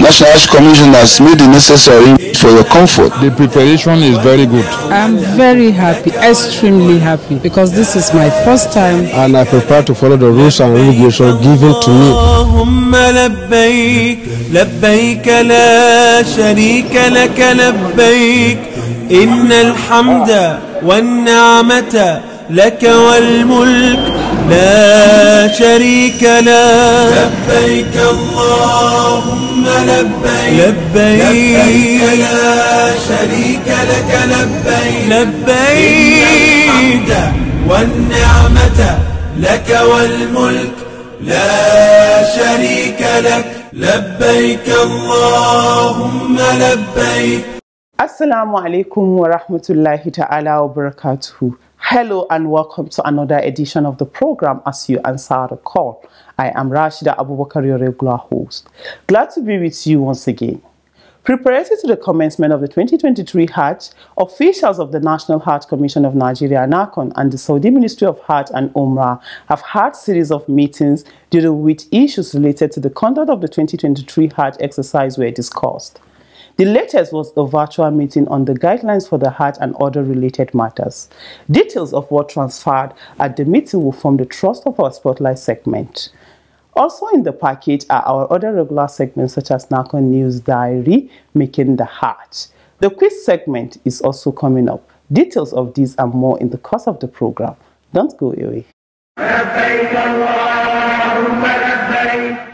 National Health Commission has made the necessary for your comfort. The preparation is very good. I'm very happy, extremely happy, because this is my first time. And I prepare to follow the rules and regulations given to me. لبيك لبيك لا شريك لك لبيك إن الحمد والنعمة لك والملك لا شريك له لبيك اللهم لبيك لبيك, لبيك لا شريك لك لبيك لبيك الحمد والنعمة لك والملك لا شريك لك لبيك اللهم لبيك السلام عليكم ورحمة الله تعالى وبركاته Hello and welcome to another edition of the program As You Answer the Call. I am Rashida Abubakar, your regular host. Glad to be with you once again. Preparatory to the commencement of the 2023 Hajj, officials of the National Hajj Commission of Nigeria, NACON, and the Saudi Ministry of Hajj and Umrah have had series of meetings during which issues related to the conduct of the 2023 Hajj exercise were discussed. The latest was a virtual meeting on the guidelines for the heart and other related matters. Details of what transpired at the meeting will form the thrust of our spotlight segment. Also in the package are our other regular segments such as Nakon News Diary, Making the Heart. The quiz segment is also coming up. Details of these are more in the course of the program. Don't go away.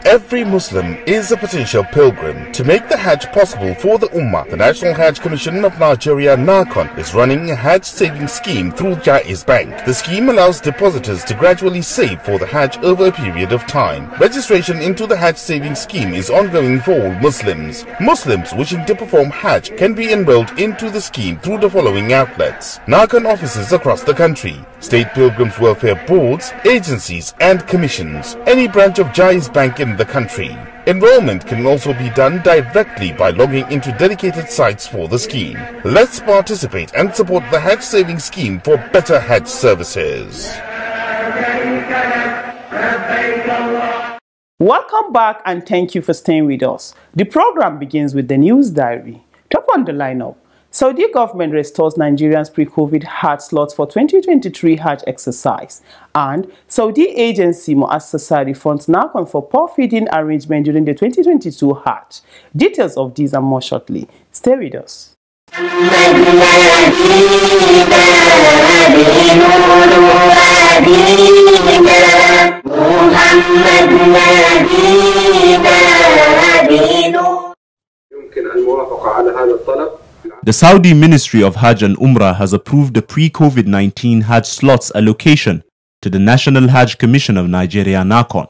Every Muslim is a potential pilgrim. To make the Hajj possible for the Ummah, the National Hajj Commission of Nigeria, NARCON, is running a Hajj saving scheme through Jaiz Bank. The scheme allows depositors to gradually save for the Hajj over a period of time. Registration into the Hajj saving scheme is ongoing for all Muslims. Muslims wishing to perform Hajj can be enrolled into the scheme through the following outlets. NARCON offices across the country, state pilgrims welfare boards, agencies and commissions. Any branch of Jaiz Bank in the country. Enrollment can also be done directly by logging into dedicated sites for the scheme. Let's participate and support the Hatch Saving Scheme for better Hatch services. Welcome back and thank you for staying with us. The program begins with the news diary. Top on the lineup. Saudi government restores Nigerians pre-COVID Hajj slots for 2023 Hajj exercise. And Saudi agency Muassasa funds Nakon for poor feeding arrangement during the 2022 Hajj. Details of these are more shortly. Stay with us. The Saudi Ministry of Hajj and Umrah has approved the pre-COVID-19 Hajj slots allocation to the National Hajj Commission of Nigeria, NACON.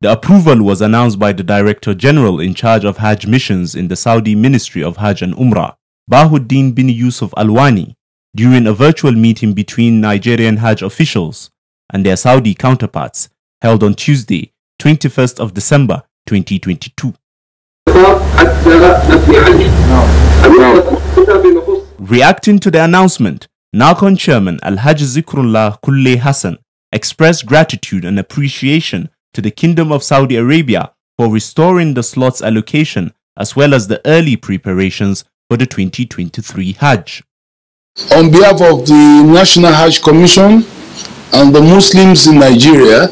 The approval was announced by the Director General in charge of Hajj missions in the Saudi Ministry of Hajj and Umrah, Bahuddin bin Yusuf Alwani, during a virtual meeting between Nigerian Hajj officials and their Saudi counterparts held on Tuesday, 21st of December 2022. Reacting to the announcement, NARCON chairman Al Haj Zikrullah Kulle Hassan expressed gratitude and appreciation to the Kingdom of Saudi Arabia for restoring the slots allocation as well as the early preparations for the 2023 Hajj. On behalf of the National Hajj Commission and the Muslims in Nigeria,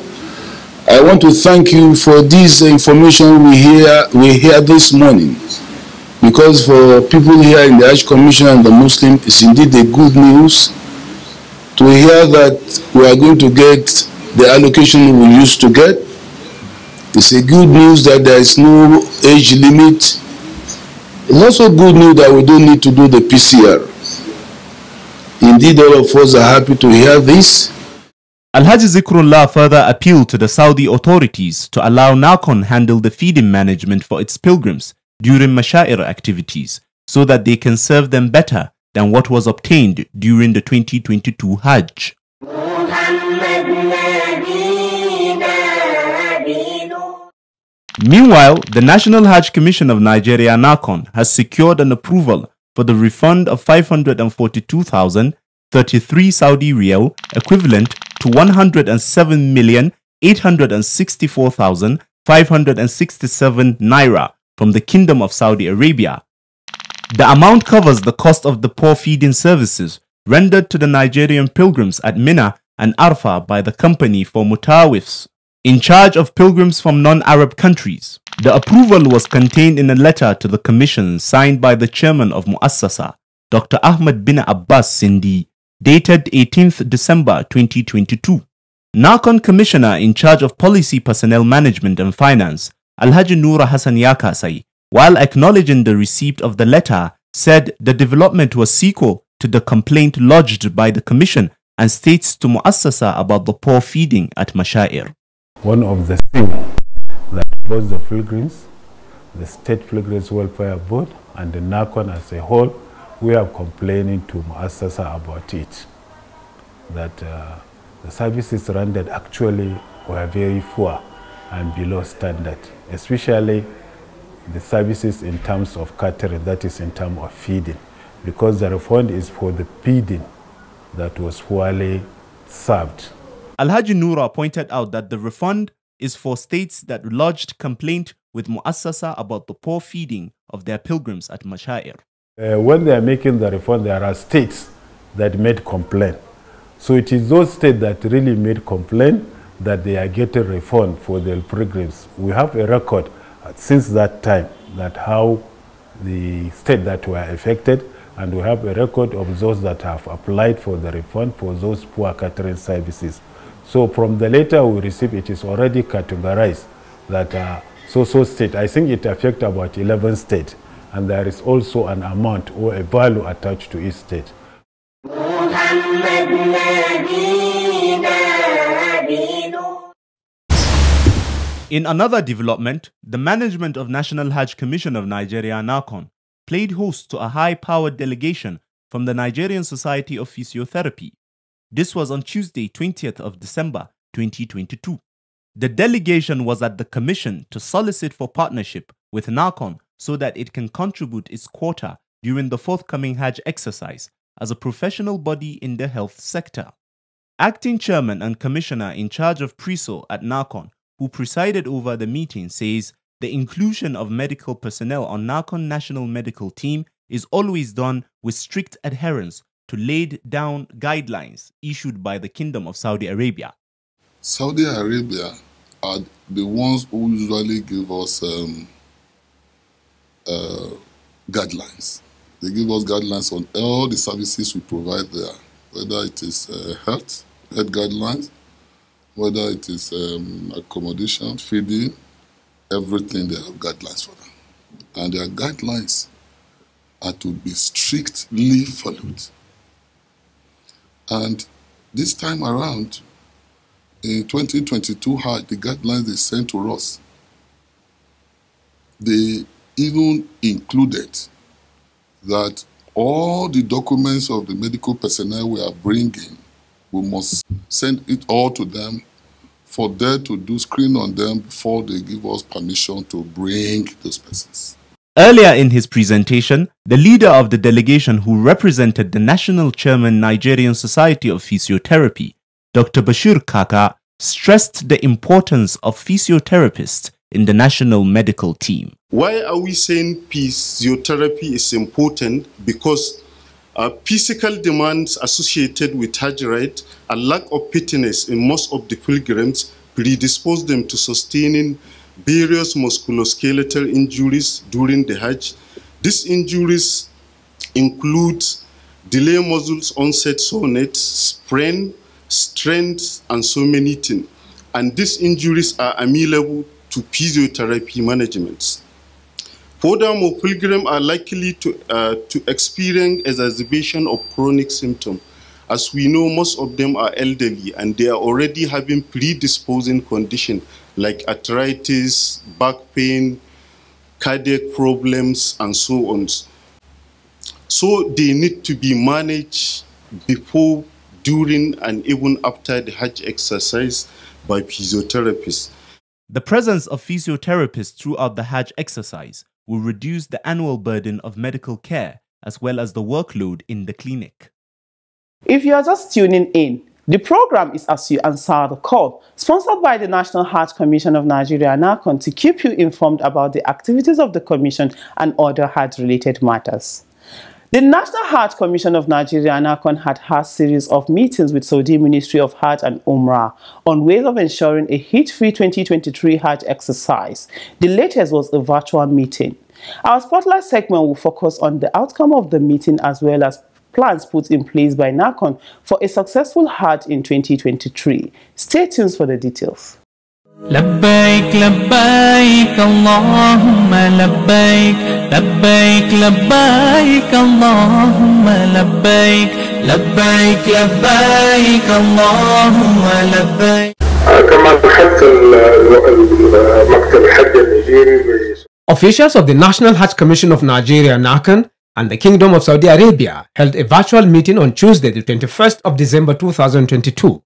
I want to thank you for this information we hear we hear this morning. Because for people here in the Age Commission and the Muslim, it's indeed a good news to hear that we are going to get the allocation we used to get. It's a good news that there is no age limit. It's also good news that we don't need to do the PCR. Indeed, all of us are happy to hear this. Alhaji Zikrullah further appealed to the Saudi authorities to allow Nakon handle the feeding management for its pilgrims during Mashair activities so that they can serve them better than what was obtained during the 2022 Hajj. Meanwhile, the National Hajj Commission of Nigeria, NACON, has secured an approval for the refund of 542,033 Saudi riel, equivalent to 107,864,567 naira from the Kingdom of Saudi Arabia. The amount covers the cost of the poor feeding services rendered to the Nigerian pilgrims at Mina and Arfa by the company for mutawifs in charge of pilgrims from non-Arab countries. The approval was contained in a letter to the commission signed by the chairman of Muassasa, Dr. Ahmed bin Abbas Sindhi dated 18th December 2022. Narcon Commissioner in charge of Policy Personnel Management and Finance, Alhaji Noura Hassan Yakasai, while acknowledging the receipt of the letter, said the development was sequel to the complaint lodged by the Commission and states to Muassasa about the poor feeding at Mashair. One of the things that both the Pilgrims, the State Pilgrims Welfare Board, and the NACON as a whole we are complaining to Muassasa about it, that uh, the services rendered actually were very poor and below standard, especially the services in terms of catering, that is in terms of feeding, because the refund is for the feeding that was poorly served. Alhaji Noura pointed out that the refund is for states that lodged complaint with Muassasa about the poor feeding of their pilgrims at Mashair. Uh, when they are making the reform, there are states that made complaint. So it is those states that really made complaint that they are getting reform for their programs. We have a record uh, since that time that how the state that were affected and we have a record of those that have applied for the refund for those poor catering services. So from the letter we receive, it is already categorized that uh, so-so state. I think it affects about 11 states and there is also an amount or a value attached to each state. In another development, the management of National Hajj Commission of Nigeria, NACON, played host to a high-powered delegation from the Nigerian Society of Physiotherapy. This was on Tuesday, 20th of December, 2022. The delegation was at the commission to solicit for partnership with NACON so that it can contribute its quota during the forthcoming Hajj exercise as a professional body in the health sector. Acting chairman and commissioner in charge of PRISO at NACON, who presided over the meeting, says the inclusion of medical personnel on NACON national medical team is always done with strict adherence to laid down guidelines issued by the Kingdom of Saudi Arabia. Saudi Arabia are the ones who usually give us um, uh, guidelines. They give us guidelines on all the services we provide there, whether it is uh, health, health guidelines, whether it is um, accommodation, feeding, everything, they have guidelines for them. And their guidelines are to be strictly followed. And this time around, in 2022 how the guidelines they sent to us, they even included that all the documents of the medical personnel we are bringing, we must send it all to them for them to do screen on them before they give us permission to bring those persons. Earlier in his presentation, the leader of the delegation who represented the National Chairman Nigerian Society of Physiotherapy, Dr. Bashir Kaka, stressed the importance of physiotherapists in the national medical team. Why are we saying physiotherapy is important? Because uh, physical demands associated with Hajrite and lack of fitness in most of the pilgrims predispose them to sustaining various musculoskeletal injuries during the Hajj. These injuries include delay muscles onset soreness, sprain, strains, and so many things. And these injuries are amenable to physiotherapy management. Furthermore, pilgrims are likely to, uh, to experience exacerbation of chronic symptoms. As we know, most of them are elderly and they are already having predisposing conditions like arthritis, back pain, cardiac problems, and so on. So they need to be managed before, during, and even after the Hajj exercise by physiotherapists. The presence of physiotherapists throughout the Hajj exercise will reduce the annual burden of medical care as well as the workload in the clinic. If you are just tuning in, the program is As You Answer the Call, sponsored by the National Heart Commission of Nigeria, NACON, to keep you informed about the activities of the Commission and other heart related matters. The National Heart Commission of Nigeria and NACON had had series of meetings with Saudi Ministry of Health and Umrah on ways of ensuring a heat free 2023 Hajj exercise. The latest was a virtual meeting. Our spotlight segment will focus on the outcome of the meeting as well as plans put in place by NACON for a successful Hajj in 2023. Stay tuned for the details. لبيك لبيك اللهم لبيك لبيك لبيك اللهم لبيك لبيك لبيك اللهم لبيك كما دخلت مكتب الحج النيجيري Officials of the National Hajj Commission of Nigeria (NACAN) and the Kingdom of Saudi Arabia held a virtual meeting on Tuesday, the 21st of December 2022,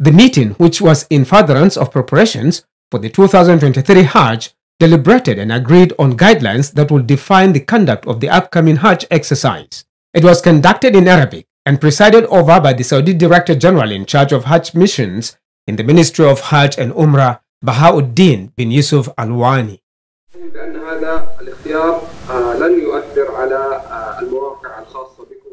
the meeting, which was in furtherance of preparations for the 2023 Hajj, deliberated and agreed on guidelines that will define the conduct of the upcoming Hajj exercise. It was conducted in Arabic and presided over by the Saudi Director General in charge of Hajj missions in the Ministry of Hajj and Umrah, Bahauddin bin Yusuf Alwani.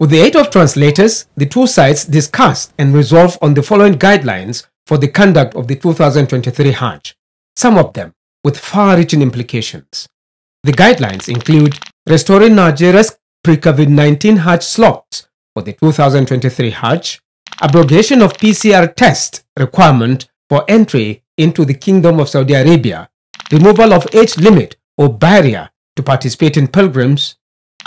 With the aid of translators, the two sides discussed and resolved on the following guidelines for the conduct of the 2023 Hajj, some of them with far reaching implications. The guidelines include restoring Nigeria's pre COVID 19 Hajj slots for the 2023 Hajj, abrogation of PCR test requirement for entry into the Kingdom of Saudi Arabia, removal of age limit or barrier to participate in pilgrims,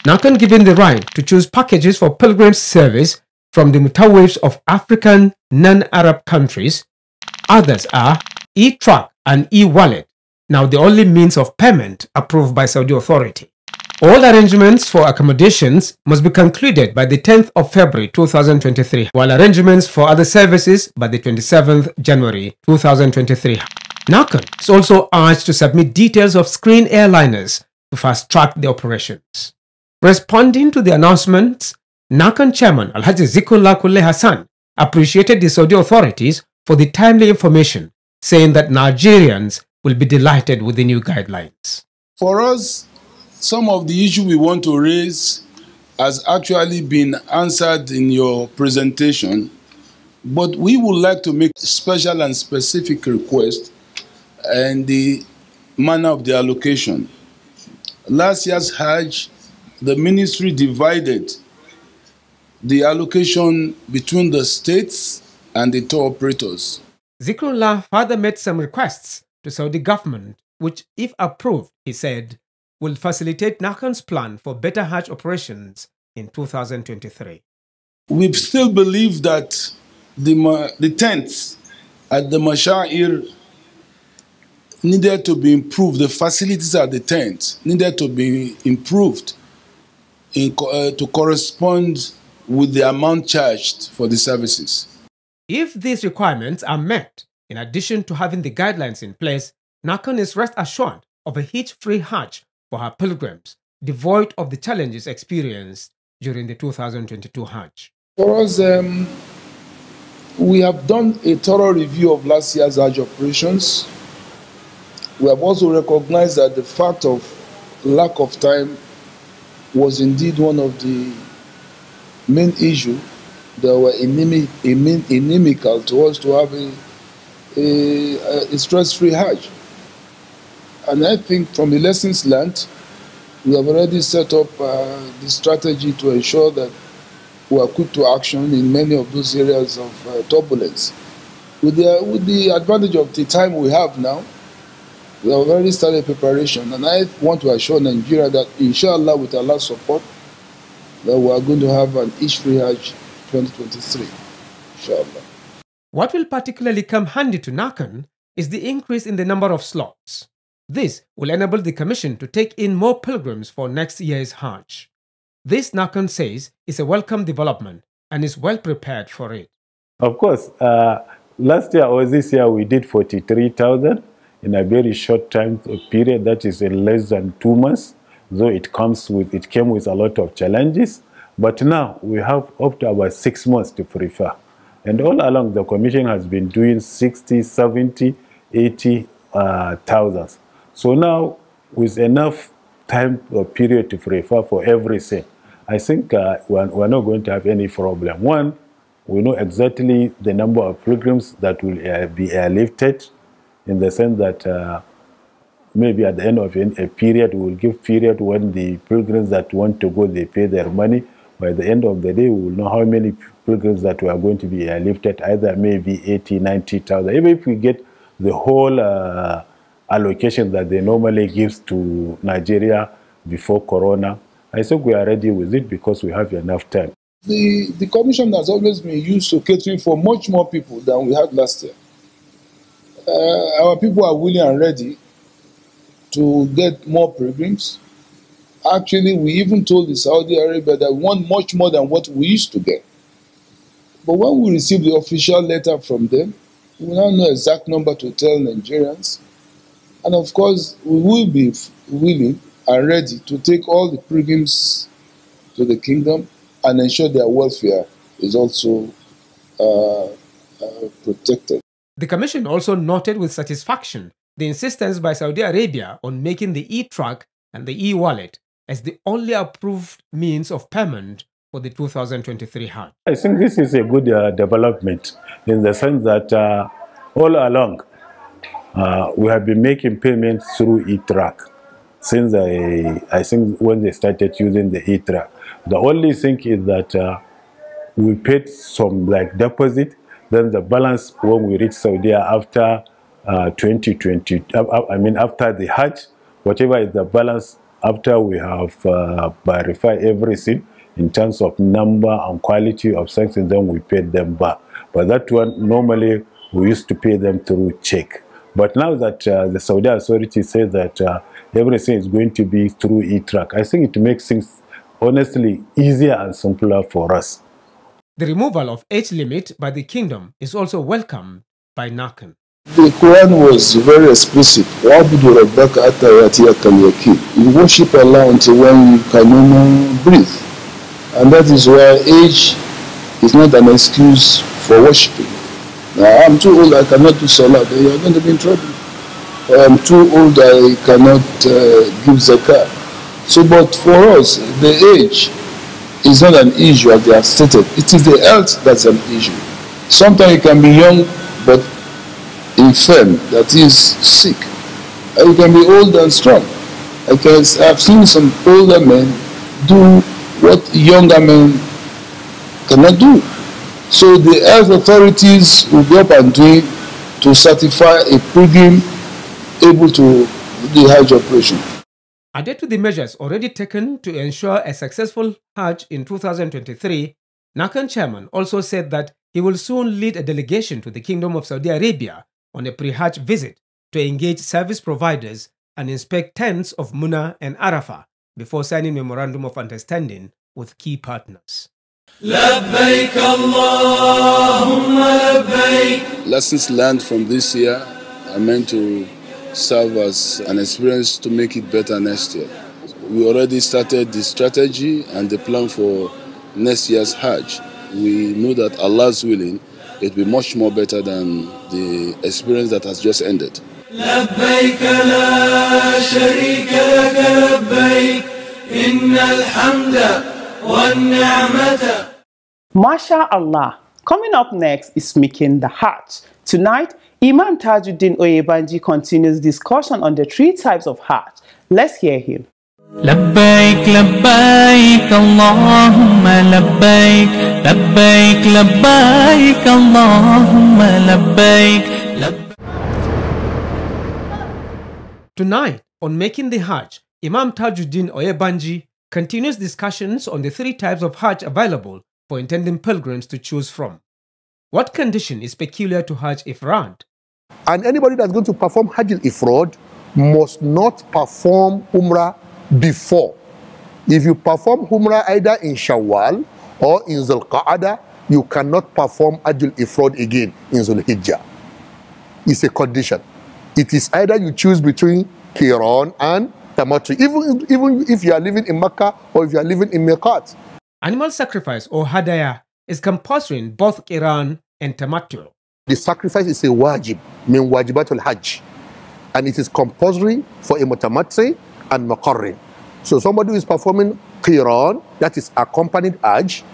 Nathan given the right to choose packages for pilgrim service from the mutawaves of African non-Arab countries. Others are e-truck and e-wallet, now the only means of payment approved by Saudi authority. All arrangements for accommodations must be concluded by the 10th of February 2023, while arrangements for other services by the 27th January 2023. Nakan is also urged to submit details of screen airliners to fast-track the operations. Responding to the announcements, Nakan chairman Alhaji Zikunla Kule Hassan appreciated the Saudi authorities for the timely information, saying that Nigerians will be delighted with the new guidelines. For us, some of the issues we want to raise has actually been answered in your presentation, but we would like to make special and specific request and the manner of the allocation. Last year's Hajj the ministry divided the allocation between the states and the tour operators. Zikrullah further made some requests to Saudi government, which, if approved, he said, will facilitate Nakan's plan for better Hajj operations in 2023. We still believe that the, the tents at the Mashair needed to be improved, the facilities at the tents needed to be improved in, uh, to correspond with the amount charged for the services. If these requirements are met, in addition to having the guidelines in place, Nakan is rest assured of a hitch-free Hajj for her pilgrims, devoid of the challenges experienced during the 2022 Hajj. For us, um, we have done a thorough review of last year's Hajj operations. We have also recognized that the fact of lack of time was indeed one of the main issues that were inimical to us to have a, a, a stress-free Hajj. And I think from the lessons learned, we have already set up uh, the strategy to ensure that we are quick to action in many of those areas of uh, turbulence. With the, with the advantage of the time we have now, we have already started preparation, and I want to assure Nigeria that, inshallah, with Allah's support, that we are going to have an Ish Free Hajj 2023, inshallah. What will particularly come handy to Nakan is the increase in the number of slots. This will enable the Commission to take in more pilgrims for next year's Hajj. This, Nakan says, is a welcome development and is well prepared for it. Of course, uh, last year or this year we did 43,000 in a very short time period, that is in less than two months, though it comes with, it came with a lot of challenges. But now we have up to about six months to prefer. And all along, the commission has been doing 60, 70, 80 uh, thousands. So now, with enough time or period to prefer for everything, I think uh, we're, we're, not going to have any problem. One, we know exactly the number of pilgrims that will uh, be airlifted in the sense that uh, maybe at the end of a period, we will give period when the pilgrims that want to go, they pay their money. By the end of the day, we will know how many pilgrims that were going to be lifted. either maybe 80, 90,000. Even if we get the whole uh, allocation that they normally give to Nigeria before Corona, I think we are ready with it because we have enough time. The, the commission has always been used to catering for much more people than we had last year uh, our people are willing and ready to get more pilgrims. Actually, we even told the Saudi Arabia that we want much more than what we used to get. But when we receive the official letter from them, we now know exact number to tell Nigerians. And of course, we will be willing and ready to take all the pilgrims to the kingdom and ensure their welfare is also uh, uh, protected. The Commission also noted with satisfaction the insistence by Saudi Arabia on making the e truck and the e wallet as the only approved means of payment for the 2023 Hajj. I think this is a good uh, development in the sense that uh, all along uh, we have been making payments through e truck since I, I think when they started using the e truck. The only thing is that uh, we paid some like deposit then the balance when we reach Saudi after uh, 2020, uh, uh, I mean after the Hajj, whatever is the balance after we have uh, verified everything in terms of number and quality of sanctions, then we pay them back. But that one, normally we used to pay them through check. But now that uh, the Saudi authority says that uh, everything is going to be through e-track, I think it makes things honestly easier and simpler for us. The removal of age limit by the kingdom is also welcomed by Nakan. The Quran was very explicit. You worship Allah until when you can no breathe. And that is why age is not an excuse for worshipping. Now, I'm too old, I cannot do salah, then you're going to be in trouble. Or I'm too old, I cannot uh, give zakah. So, but for us, the age is not an issue as they are stated. It is the health that's an issue. Sometimes you can be young but infirm, that is sick. It you can be old and strong. I can, I've seen some older men do what younger men cannot do. So the health authorities will go up and do to certify a pilgrim able to do the Hajj operation. Added to the measures already taken to ensure a successful Hajj in 2023, Nakan chairman also said that he will soon lead a delegation to the Kingdom of Saudi Arabia on a pre-Hajj visit to engage service providers and inspect tents of Muna and Arafah before signing memorandum of understanding with key partners. Lessons learned from this year are meant to serve as an experience to make it better next year. We already started the strategy and the plan for next year's Hajj. We know that Allah's willing, it will be much more better than the experience that has just ended. لبيك Masha Allah. Coming up next is Making the Hajj Tonight, Imam Tajuddin Oyebanji continues discussion on the three types of Hajj. Let's hear him. لبيك لبيك اللهم لبيك لبيك لبيك اللهم لبيك Tonight on Making the Hajj, Imam Tajuddin Oyebanji continues discussions on the three types of Hajj available for intending pilgrims to choose from. What condition is peculiar to Hajj if and anybody that's going to perform Hajj al must not perform Umrah before. If you perform Umrah either in Shawwal or in Zulqa'ada, you cannot perform Hajj al again in Zulhijjah. It's a condition. It is either you choose between Qiran and Tamattu, even, even if you are living in Mecca or if you are living in Miqat. Animal sacrifice or hadaya is compulsory in both Qiran and Tamattu. The sacrifice is a wajib, meaning wajibatul hajj. And it is compulsory for a mutamatsi and makarri. So somebody who is performing qiran, that is accompanied hajj,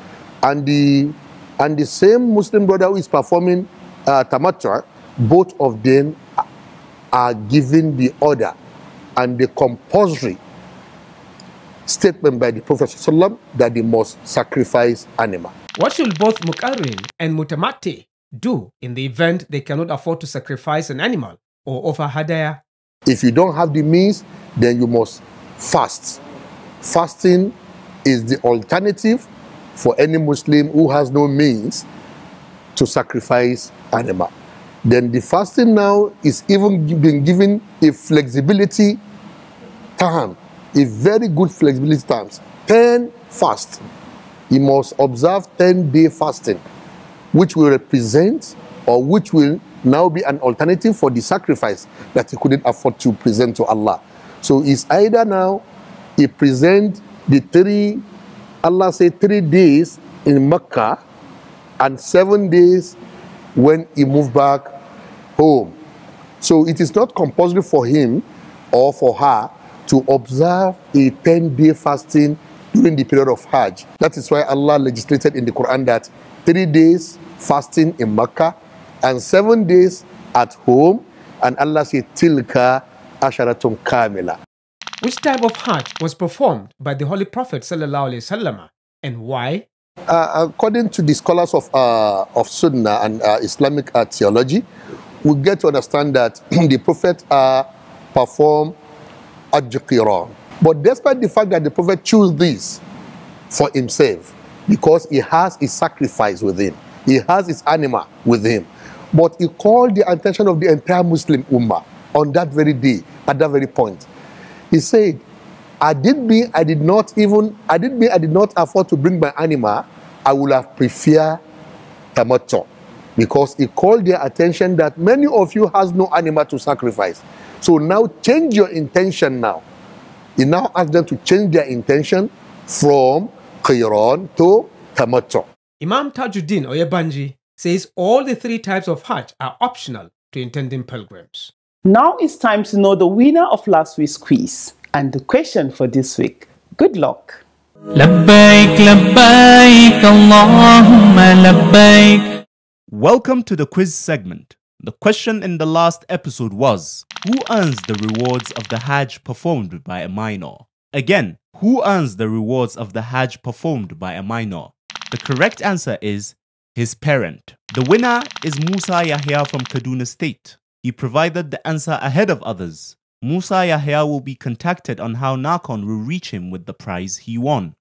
and the, and the same Muslim brother who is performing uh, both of them are given the order and the compulsory statement by the Prophet ﷺ that they must sacrifice animal. What should both Mukarrin and Mutamati do in the event they cannot afford to sacrifice an animal or offer hadaya. If you don't have the means, then you must fast. Fasting is the alternative for any Muslim who has no means to sacrifice animal. Then the fasting now is even being given a flexibility time, a very good flexibility time. 10 fast. You must observe 10 day fasting which will represent or which will now be an alternative for the sacrifice that he couldn't afford to present to Allah. So it's either now he present the three, Allah said three days in Mecca and seven days when he moved back home. So it is not compulsory for him or for her to observe a 10-day fasting during the period of Hajj. That is why Allah legislated in the Quran that three days fasting in Mecca and seven days at home. And Allah said, Tilka asharatun kamila. Which type of Hajj was performed by the Holy Prophet wasallam, and why? Uh, according to the scholars of, uh, of Sunnah and uh, Islamic uh, theology, we get to understand that the Prophet uh, performed Hajj Qiran. But despite the fact that the Prophet chose this for himself, because he has his sacrifice with him. He has his animal with him. But he called the attention of the entire Muslim Ummah on that very day, at that very point. He said, I did I did not even, I did I did not afford to bring my animal. I would have preferred tamattu. Because he called their attention that many of you has no animal to sacrifice. So now change your intention now. He now asked them to change their intention from qiran to tamattu. Imam Tajuddin Oyebanji says all the three types of Hajj are optional to intending pilgrims. Now it's time to know the winner of last week's quiz and the question for this week. Good luck. Welcome to the quiz segment. The question in the last episode was Who earns the rewards of the Hajj performed by a minor? Again, who earns the rewards of the Hajj performed by a minor? The correct answer is his parent. The winner is Musa Yahya from Kaduna State. He provided the answer ahead of others. Musa Yahya will be contacted on how Narkon will reach him with the prize he won.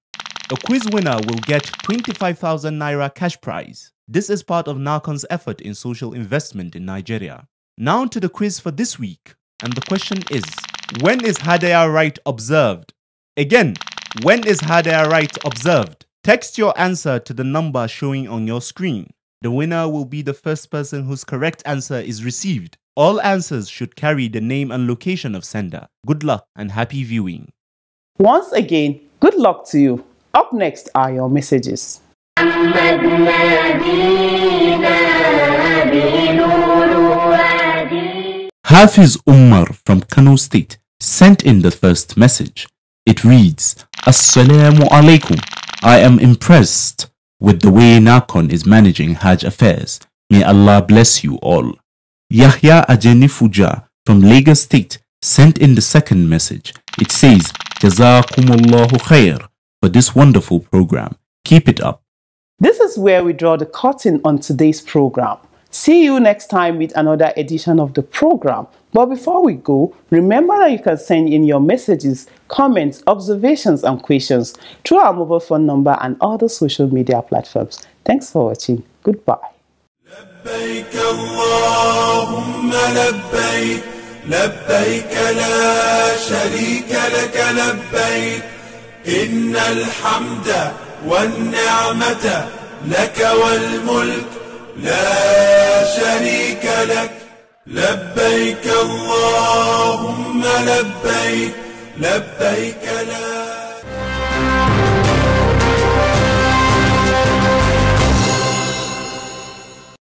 A quiz winner will get 25,000 Naira cash prize. This is part of Narkon's effort in social investment in Nigeria. Now to the quiz for this week. And the question is, when is Hadaya right observed? Again, when is Hadaya right observed? Text your answer to the number showing on your screen. The winner will be the first person whose correct answer is received. All answers should carry the name and location of sender. Good luck and happy viewing. Once again, good luck to you. Up next are your messages. Hafiz Umar from Kano State sent in the first message. It reads, Assalamu alaikum. I am impressed with the way Nakon is managing Hajj affairs. May Allah bless you all. Yahya Ajenifuja from Lagos State sent in the second message. It says, Jazakumullahu khair for this wonderful program. Keep it up. This is where we draw the curtain on today's program. See you next time with another edition of the program. But before we go, remember that you can send in your messages, comments, observations, and questions through our mobile phone number and other social media platforms. Thanks for watching. Goodbye. لبيك اللهم لبيك لبيك لا شريك لك لبيك إن الحمد لك والملك لا شريك لك لبيك اللهم لبيك لبيك لا